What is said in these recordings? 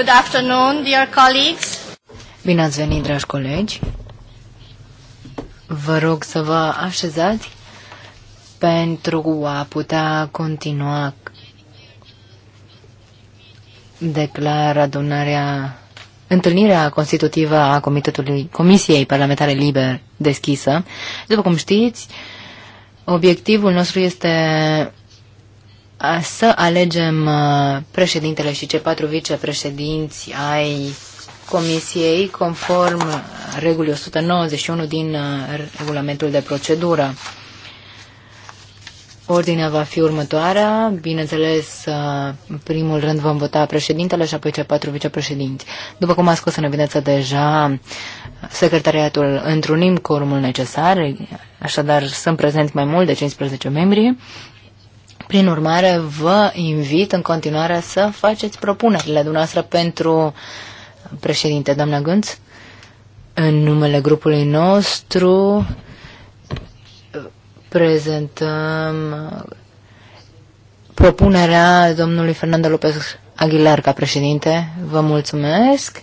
Good afternoon, dear colleagues. Bine ați venit, dragi colegi. Vă rog să vă așezați pentru a putea continua. Declar adunarea, întâlnirea constitutivă a Comitetului, Comisiei Parlamentare Liber deschisă. După cum știți, obiectivul nostru este să alegem președintele și cei patru vicepreședinți ai Comisiei conform regulii 191 din regulamentul de procedură. Ordinea va fi următoarea. Bineînțeles, în primul rând vom vota președintele și apoi cei patru vicepreședinți. După cum a scos în evidență deja, secretariatul întrunim corumul necesar, așadar sunt prezenți mai mult de 15 membri. Prin urmare, vă invit în continuare să faceți propunerile dumneavoastră pentru președinte, doamna Gânț, în numele grupului nostru prezentăm propunerea domnului Fernando López Aguilar ca președinte. Vă mulțumesc.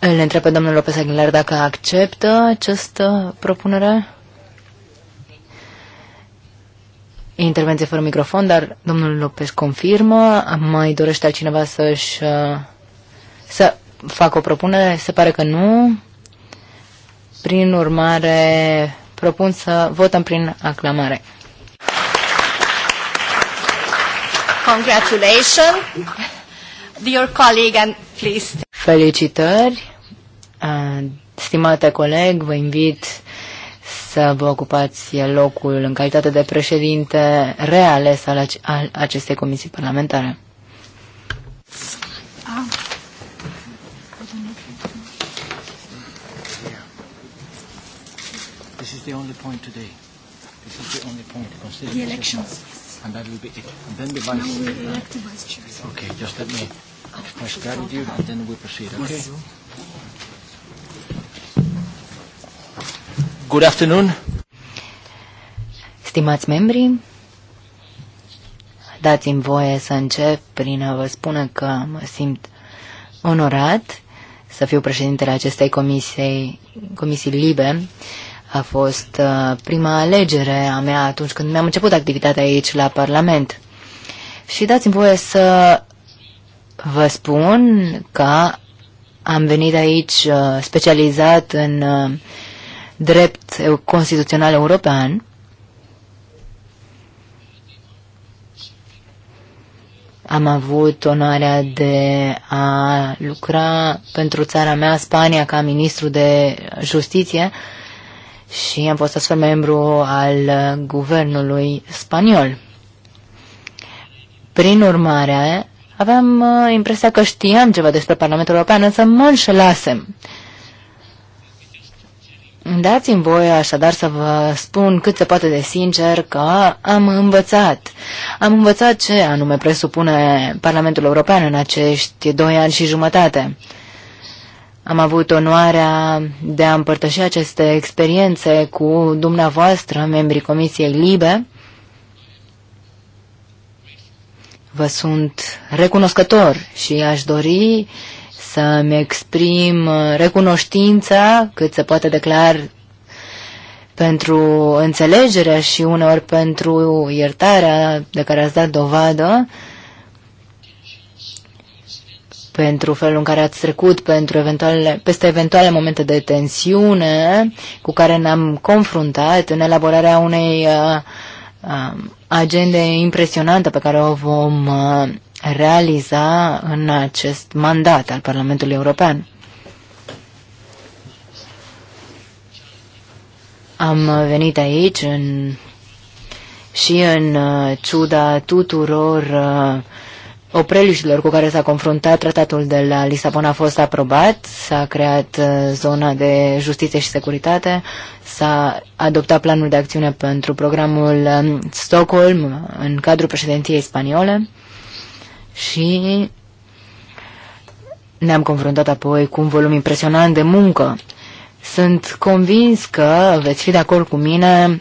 Îl întreb pe domnul López Aguilar dacă acceptă această propunere. intervenție fără microfon, dar domnul Lopez confirmă. Mai dorește altcineva să-și uh, să facă o propunere? Se pare că nu. Prin urmare, propun să votăm prin aclamare. Congratulations, dear colleague, and please. Felicitări, uh, stimate coleg, vă invit să vă ocupați locul în calitate de președinte reales al, ace al acestei comisii parlamentare. This is the only point today. This is the only point. Consider the elections. And that will be it. And then the vice. No, we elect the vice chair. Okay, just let me express gratitude and then we proceed. Okay. Good afternoon. Stimați membri, dați-mi voie să încep prin a vă spune că mă simt onorat să fiu președintele acestei comisii, comisii libe. A fost uh, prima alegere a mea atunci când mi-am început activitatea aici la Parlament. Și dați-mi voie să vă spun că am venit aici uh, specializat în uh, drept constituțional european, Am avut onoarea de a lucra pentru țara mea, Spania, ca ministru de justiție și am fost astfel membru al guvernului spaniol. Prin urmare, aveam uh, impresia că știam ceva despre Parlamentul European, însă mă înșelasem. Dați-mi voie așadar să vă spun cât se poate de sincer că am învățat. Am învățat ce anume presupune Parlamentul European în acești doi ani și jumătate. Am avut onoarea de a împărtăși aceste experiențe cu dumneavoastră, membrii Comisiei Libe, Vă sunt recunoscător și aș dori să-mi exprim uh, recunoștința cât se poate declar pentru înțelegerea și uneori pentru iertarea de care ați dat dovadă, pentru felul în care ați trecut pentru eventuale, peste eventuale momente de tensiune cu care ne-am confruntat în elaborarea unei uh, Um, agende impresionantă pe care o vom uh, realiza în acest mandat al Parlamentului European. Am venit aici în, și în uh, ciuda tuturor uh, opreliștilor cu care s-a confruntat tratatul de la Lisabona a fost aprobat, s-a creat uh, zona de justiție și securitate, s-a adoptat planul de acțiune pentru programul um, Stockholm în cadrul președinției spaniole și ne-am confruntat apoi cu un volum impresionant de muncă. Sunt convins că veți fi de acord cu mine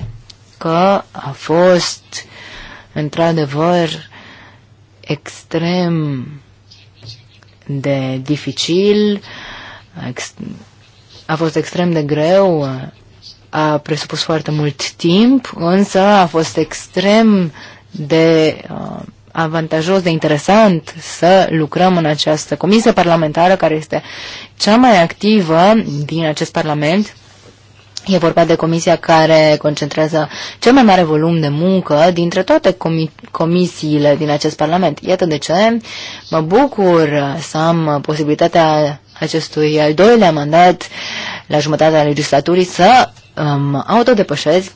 că a fost într-adevăr extrem de dificil, ex- a fost extrem de greu, a presupus foarte mult timp, însă a fost extrem de uh, avantajos, de interesant să lucrăm în această comisie parlamentară care este cea mai activă din acest parlament E vorba de comisia care concentrează cel mai mare volum de muncă dintre toate comi comisiile din acest Parlament. Iată de ce mă bucur să am posibilitatea acestui al doilea mandat la jumătatea legislaturii să mă autodepășesc,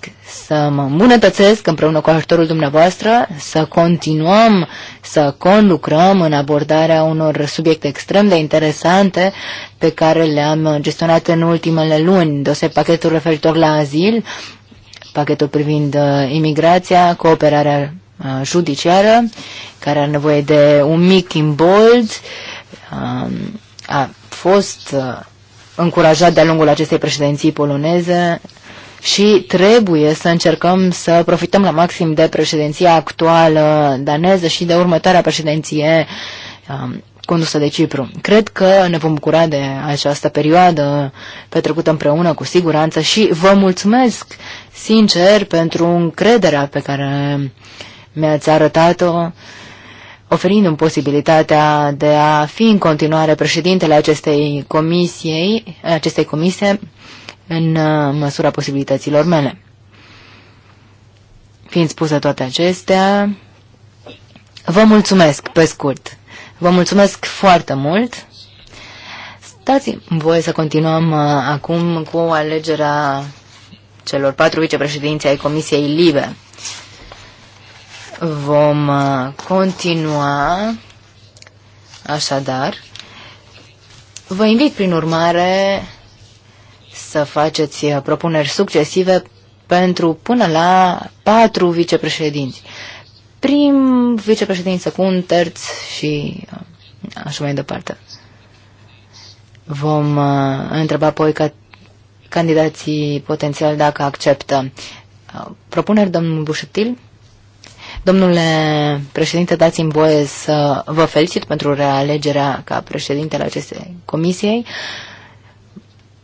să mă îmbunătățesc împreună cu ajutorul dumneavoastră, să continuăm să conlucrăm în abordarea unor subiecte extrem de interesante pe care le-am gestionat în ultimele luni, deosebit pachetul referitor la azil, pachetul privind uh, imigrația, cooperarea uh, judiciară, care are nevoie de un mic imbold, uh, a fost uh, încurajat de-a lungul acestei președinții poloneze și trebuie să încercăm să profităm la maxim de președinția actuală daneză și de următoarea președinție um, condusă de Cipru. Cred că ne vom bucura de această perioadă petrecută împreună cu siguranță și vă mulțumesc sincer pentru încrederea pe care mi-ați arătat-o oferindu-mi posibilitatea de a fi în continuare președintele acestei comisiei, acestei comise în uh, măsura posibilităților mele. Fiind spuse toate acestea, vă mulțumesc pe scurt. Vă mulțumesc foarte mult. Stați voi să continuăm uh, acum cu alegerea celor patru vicepreședinți ai Comisiei Libe. Vom uh, continua așadar. Vă invit prin urmare să faceți uh, propuneri succesive pentru până la patru vicepreședinți. Prim vicepreședinte, secund, terț și uh, așa mai departe. Vom întreba apoi că candidații potențial dacă acceptă. Propuneri, domnul Bușutil? Domnule președinte, dați-mi voie să vă felicit pentru realegerea ca al acestei comisiei.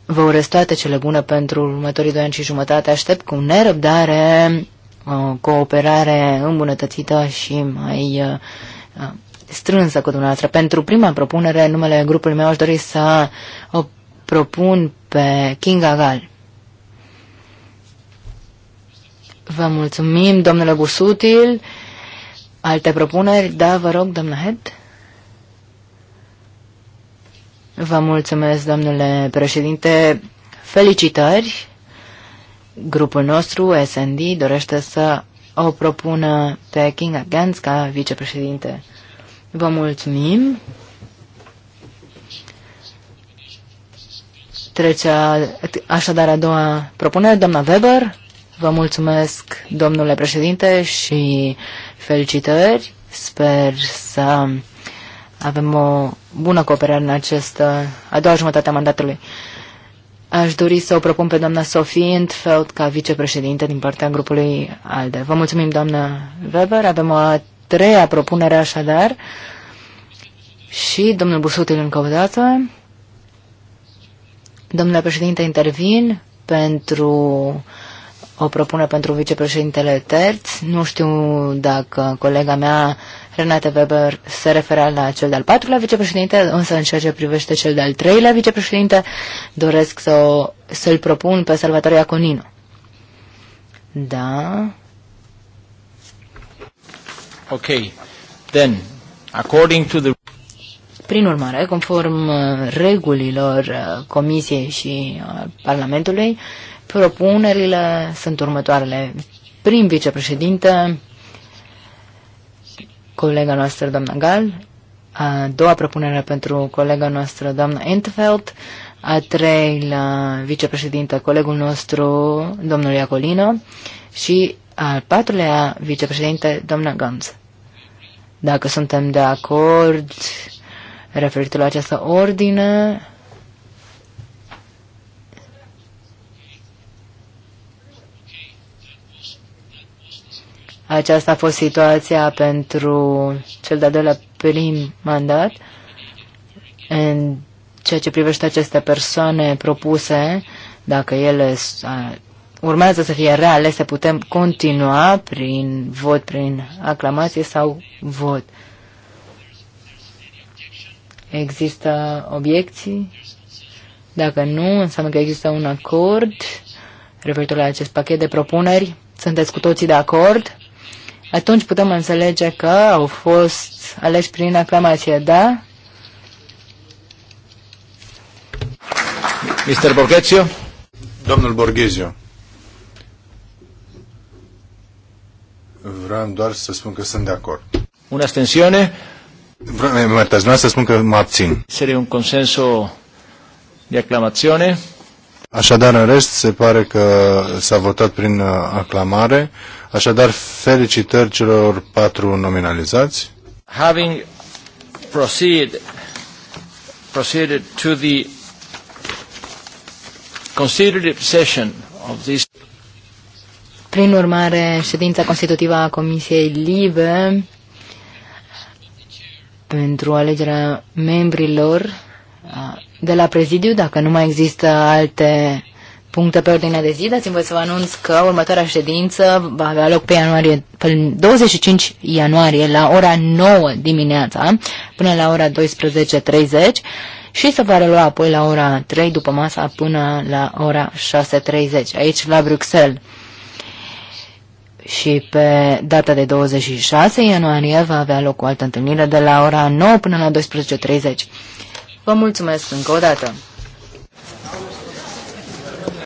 Vă urez toate cele bune pentru următorii doi ani și jumătate. Aștept cu nerăbdare uh, cooperare îmbunătățită și mai uh, strânsă cu dumneavoastră. Pentru prima propunere, numele grupului meu, aș dori să o propun pe Kinga Gal. Vă mulțumim, domnule Busutil. Alte propuneri? Da, vă rog, domnule Head. Vă mulțumesc, domnule președinte. Felicitări. Grupul nostru, SND, dorește să o propună pe Kinga Agans ca vicepreședinte. Vă mulțumim. Trece a, așadar a doua propunere, doamna Weber. Vă mulțumesc, domnule președinte, și felicitări. Sper să avem o bună cooperare în această a doua jumătate a mandatului. Aș dori să o propun pe doamna Sofie Intfeld ca vicepreședinte din partea grupului ALDE. Vă mulțumim, doamna Weber. Avem o a treia propunere așadar și domnul Busutil încă o dată. Domnule președinte, intervin pentru o propune pentru vicepreședintele terț. Nu știu dacă colega mea, Renate Weber, se referea la cel de-al patrulea vicepreședinte, însă în ceea ce privește cel de-al treilea vicepreședinte, doresc să, să-l propun pe Salvatore Iaconino. Da. Ok. Then, according to the... Prin urmare, conform uh, regulilor uh, Comisiei și uh, Parlamentului, Propunerile sunt următoarele. Prim vicepreședinte, colega noastră, doamna Gal, a doua propunere pentru colega noastră, doamna Entfeld, a treilea vicepreședinte, colegul nostru, domnul Iacolino, și al patrulea vicepreședinte, doamna Gams. Dacă suntem de acord referitor la această ordine, Aceasta a fost situația pentru cel de-al doilea prim mandat. În ceea ce privește aceste persoane propuse, dacă ele urmează să fie realese, putem continua prin vot, prin aclamație sau vot. Există obiecții? Dacă nu, înseamnă că există un acord referitor la acest pachet de propuneri. Sunteți cu toții de acord? atunci putem înțelege că au fost aleși prin aclamație, da? Mr. Borghezio? Domnul Borghezio. Vreau doar să spun că sunt de acord. Una abstențiune? Vreau, vreau să spun că mă abțin. Seria un consenso de aclamație? Așadar, în rest, se pare că s-a votat prin uh, aclamare. Așadar, felicitări celor patru nominalizați. Having proceed, proceeded to the constitutive session of this prin urmare, ședința constitutivă a Comisiei Libe pentru alegerea membrilor de la prezidiu, dacă nu mai există alte puncte pe ordinea de zi, dați-mi voi să vă anunț că următoarea ședință va avea loc pe, ianuarie, pe 25 ianuarie la ora 9 dimineața până la ora 12.30 și se va relua apoi la ora 3 după masa până la ora 6.30 aici la Bruxelles. Și pe data de 26 ianuarie va avea loc o altă întâlnire de la ora 9 până la 12.30. Vă mulțumesc încă o dată!